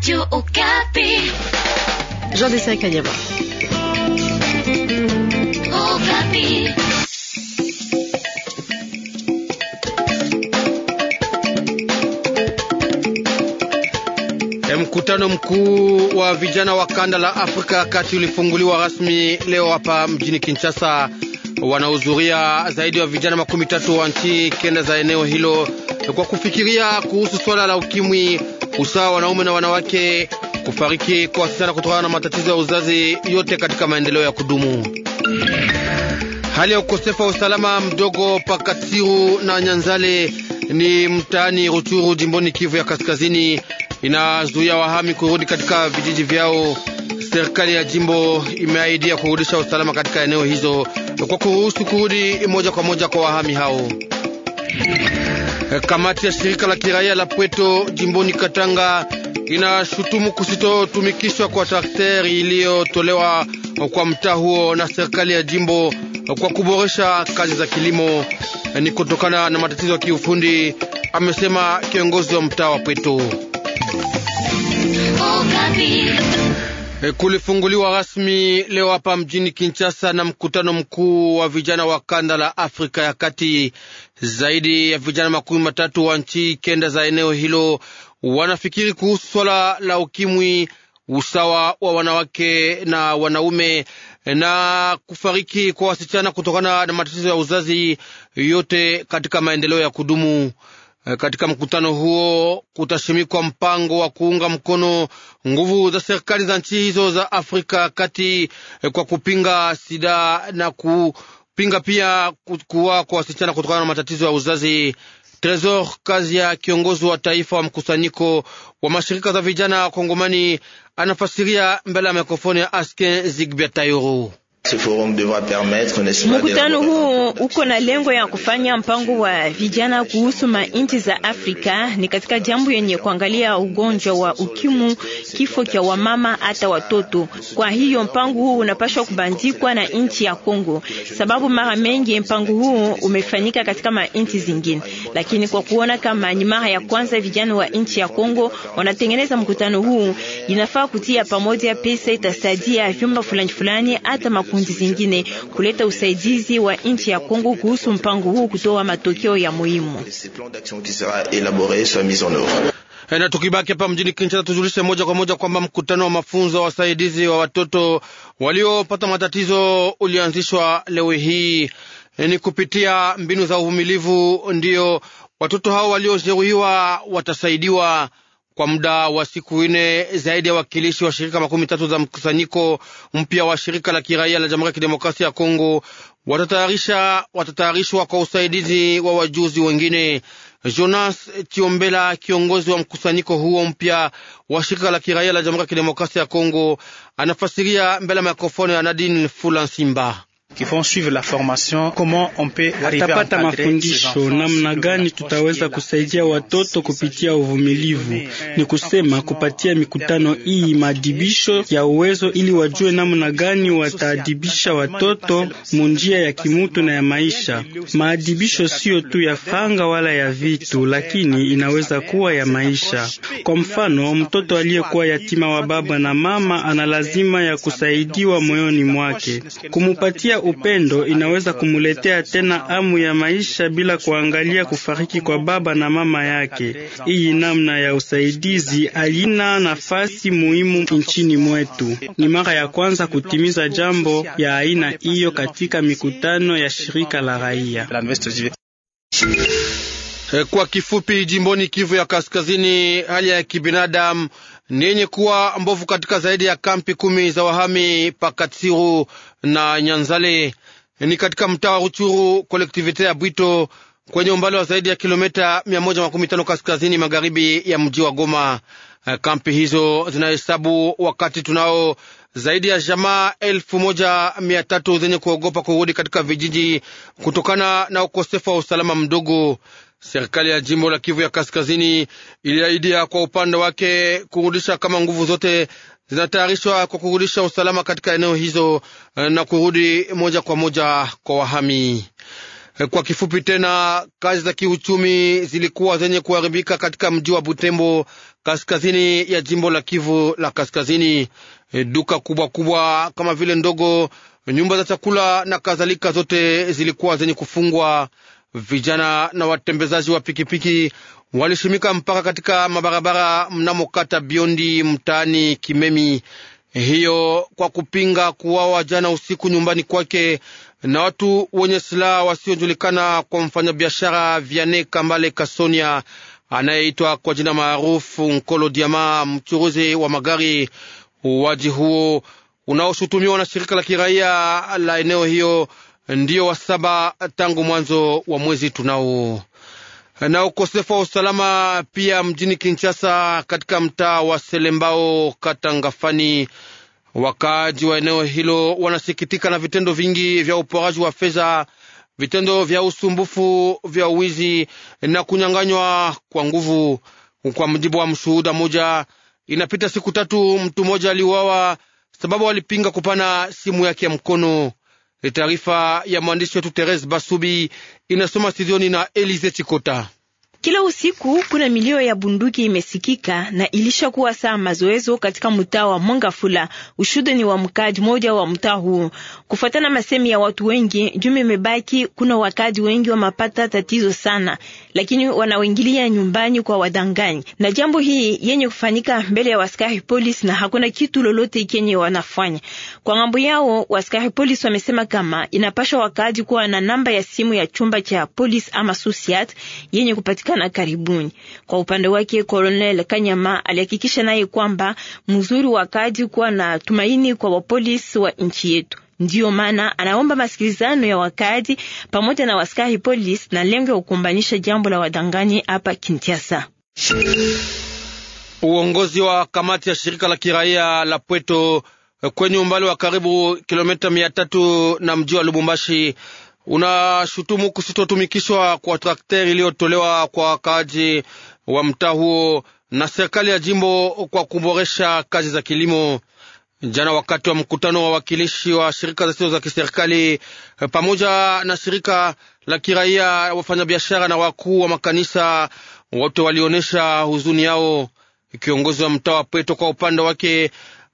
Radio Okapi. Jean Desire Kanyama. Okapi. E, mkutano mkuu wa vijana wa kanda la Afrika kati ulifunguliwa rasmi leo hapa mjini Kinshasa. Wanahudhuria zaidi ya vijana makumi tatu wa nchi kenda za eneo hilo kwa kufikiria kuhusu swala la ukimwi usawa wanaume na wanawake, kufariki kwa wasichana kutokana na matatizo ya uzazi, yote katika maendeleo ya kudumu. Hali ya ukosefu wa usalama mdogo Pakatiru na Nyanzale ni mtaani Ruchuru jimboni Kivu ya Kaskazini inazuia wahami kurudi katika vijiji vyao. Serikali ya jimbo imeahidia kurudisha usalama katika eneo hizo kwa kuruhusu kurudi moja kwa moja kwa wahami hao. Kamati ya shirika la kiraia la Pweto jimboni Katanga inashutumu kusitotumikishwa kwa trakteri iliyotolewa kwa mtaa huo na serikali ya jimbo kwa kuboresha kazi za kilimo, ni kutokana na matatizo ya kiufundi, amesema kiongozi wa mtaa wa Pweto. Kulifunguliwa rasmi leo hapa mjini Kinshasa na mkutano mkuu wa vijana wa kanda la Afrika ya Kati. Zaidi ya vijana makumi matatu wa nchi kenda za eneo hilo wanafikiri kuhusu swala la ukimwi, usawa wa wanawake na wanaume, na kufariki kwa wasichana kutokana na matatizo ya uzazi, yote katika maendeleo ya kudumu. Katika mkutano huo kutashimikwa mpango wa kuunga mkono nguvu za serikali za nchi hizo za Afrika kati kwa kupinga sida na ku pinga pia kuwa kwa wasichana kutokana na matatizo ya uzazi. Tresor, kazi ya kiongozi wa taifa wa mkusanyiko wa mashirika za vijana wa Kongomani, anafasiria mbele ya mikrofoni ya Askin Zigbia Mkutano huu uko na lengo ya kufanya mpango wa vijana kuhusu mainchi za Afrika ni katika jambo yenye kuangalia ugonjwa wa ukimu, kifo cha wamama hata watoto. Kwa hiyo mpango huu unapashwa kubandikwa na nchi ya Kongo, sababu mara mengi mpango huu umefanyika katika mainchi zingine, lakini kwa kuona kama ni mara ya kwanza vijana wa nchi ya Kongo wanatengeneza mkutano huu, inafaa kutia pamoja pesa itasaidia vyumba fulani fulani hata makundi zingine kuleta usaidizi wa nchi ya Kongo kuhusu mpango huu kutoa matokeo ya muhimu. Na tukibaki hapa mjini Kinshasa, tujulishe moja kwa moja kwamba mkutano wa mafunzo wa wasaidizi wa watoto waliopata matatizo ulianzishwa leo hii. Ni kupitia mbinu za uvumilivu ndio watoto hao waliojeruhiwa watasaidiwa. Kwa muda wa siku ine, zaidi ya wakilishi wa shirika makumi tatu za mkusanyiko mpya wa shirika la kiraia la Jamhuri ya Kidemokrasia ya Kongo watatayarisha watatayarishwa kwa usaidizi wa wajuzi wengine. Jonas Chiombela, kiongozi wa mkusanyiko huo mpya wa shirika la kiraia la Jamhuri ya Kidemokrasia ya Kongo, anafasiria mbele ya mikrofoni ya Nadine Fulansimba qui vont suivre la formation, comment on peut watapata mafundisho namna gani tutaweza kusaidia watoto kupitia uvumilivu, ni kusema kupatia mikutano hii maadibisho ya uwezo, ili wajue namna gani wataadibisha watoto munjia ya kimutu na ya maisha. Maadibisho siyo tu ya fanga wala ya vitu, lakini inaweza kuwa ya maisha. Kwa mfano, mtoto aliyekuwa yatima wa baba na mama ana lazima ya kusaidiwa moyoni mwake, kumupatia upendo inaweza kumuletea tena amu ya maisha bila kuangalia kufariki kwa baba na mama yake. Hii namna ya usaidizi alina nafasi muhimu nchini mwetu. Ni mara ya kwanza kutimiza jambo ya aina hiyo katika mikutano ya shirika la raia. Eh, kwa kifupi, jimboni Kivu ya Kaskazini, hali ya kibinadamu ni yenye kuwa mbovu katika zaidi ya kampi kumi za wahami Pakatsiru na Nyanzale ni katika mtaa wa Ruchuru, kolektivite ya Bwito, kwenye umbali wa zaidi ya kilomita 115 kaskazini magharibi ya mji wa Goma. Eh, kampi hizo zinahesabu wakati tunao zaidi ya jamaa elfu moja mia tatu zenye kuogopa kurudi katika vijiji kutokana na ukosefu wa usalama mdogo. Serikali ya jimbo la Kivu ya Kaskazini iliahidia kwa upande wake kurudisha kama nguvu zote zinatayarishwa kwa kurudisha usalama katika eneo hizo eh, na kurudi moja kwa moja kwa wahami. Eh, kwa kifupi tena, kazi za kiuchumi zilikuwa zenye kuharibika katika mji wa Butembo, kaskazini ya jimbo la Kivu la Kaskazini. Eh, duka kubwa kubwa kama vile ndogo, nyumba za chakula na kadhalika, zote zilikuwa zenye kufungwa. Vijana na watembezaji wa pikipiki walishimika mpaka katika mabarabara mnamo kata Biondi mtaani Kimemi, hiyo kwa kupinga kuwawa jana usiku nyumbani kwake na watu wenye silaha wasiojulikana kwa mfanyabiashara Viane Kambale Kasonia anayeitwa kwa jina maarufu Nkolo Diama, mchuruzi wa magari. Uwaji huo unaoshutumiwa na shirika la kiraia la eneo hiyo ndiyo wa saba tangu mwanzo wa mwezi tunao. Na ukosefu wa usalama pia mjini Kinshasa, katika mtaa wa Selembao Katangafani, wakaaji wa eneo hilo wanasikitika na vitendo vingi vya uporaji wa fedha, vitendo vya usumbufu vya uwizi na kunyang'anywa kwa nguvu. Kwa mujibu wa mshuhuda moja, inapita siku tatu mtu mmoja aliuawa sababu alipinga kupana simu yake ya mkono. E taarifa ya mwandishi wetu Teres Basubi inasoma studioni na Elize Chikota. Kila usiku kuna milio ya bunduki imesikika na ilishakuwa saa mazoezo katika mtaa wa Mongafula. Ushuhuda ni wa mkaji mmoja wa mtaa huu. Kufuatana masemi ya watu wengi, juma imebaki kuna wakaji wengi wamepata tatizo sana, lakini wanaoingilia nyumbani kwa wadanganyi, na jambo hii yenye kufanyika mbele ya waskari polisi, na hakuna kitu lolote kenye wanafanya kwa ngambo yao. Waskari polisi wamesema kama inapasha wakaji kuwa na namba ya simu ya chumba cha polisi ama susiat yenye kupatikana na karibuni. Kwa upande wake, Colonel Kanyama alihakikisha naye kwamba mzuri wakati kuwa na tumaini kwa wapolisi wa nchi yetu. Ndiyo maana anaomba masikilizano ya wakati pamoja na waskari polis na lengo ya kukumbanisha jambo la wadanganyi hapa kintiasa Uongozi wa kamati ya shirika la kiraia la Pweto eh, kwenye umbali wa karibu kilomita mia tatu na mji wa Lubumbashi unashutumu kusitotumikishwa kwa trakteri iliyotolewa kwa wakaaji wa mtaa huo na serikali ya jimbo kwa kuboresha kazi za kilimo. Jana wakati wa mkutano wa wakilishi wa shirika zisizo za kiserikali pamoja na shirika la kiraia, wafanyabiashara na wakuu wa makanisa, wote walionyesha huzuni yao. Kiongozi wa mtaa wa Pweto kwa upande wake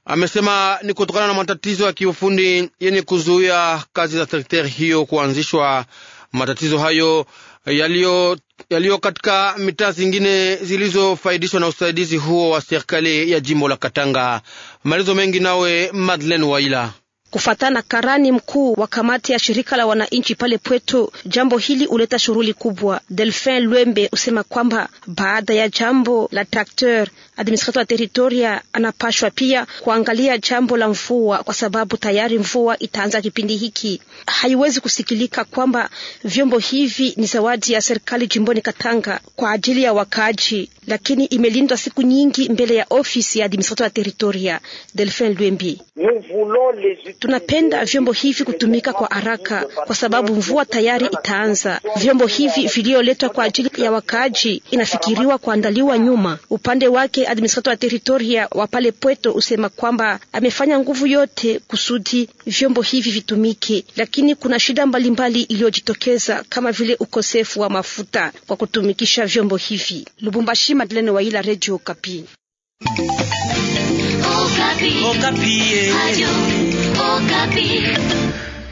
Amesema ni kutokana na matatizo ya kiufundi yenye kuzuia kazi za sekteri hiyo kuanzishwa. Matatizo hayo yaliyo yaliyo katika mitaa zingine zilizofaidishwa na usaidizi huo wa serikali ya jimbo la Katanga. Maelezo mengi nawe Madeleine Waila. Kufatana karani mkuu wa kamati ya shirika la wananchi pale Pweto, jambo hili huleta shughuli kubwa. Delphin Lwembe husema kwamba baada ya jambo la tracteur Administrator wa teritoria anapashwa pia kuangalia jambo la mvua, kwa sababu tayari mvua itaanza kipindi hiki. Haiwezi kusikilika kwamba vyombo hivi ni zawadi ya serikali jimboni Katanga kwa ajili ya wakaaji, lakini imelindwa siku nyingi mbele ya ofisi ya administrator wa teritoria Delphin Lwembi. Tunapenda vyombo hivi kutumika kwa haraka, kwa sababu mvua tayari itaanza. Vyombo hivi vilioletwa kwa ajili ya wakaaji inafikiriwa kuandaliwa nyuma. Upande wake administrator administrato wa teritoria wa pale Pweto husema kwamba amefanya nguvu yote kusudi vyombo hivi vitumike, lakini kuna shida mbalimbali iliyojitokeza kama vile ukosefu wa mafuta kwa kutumikisha vyombo hivi. Lubumbashi, wa Waila, Radio Kapi. Okapi. Okapi. Eh.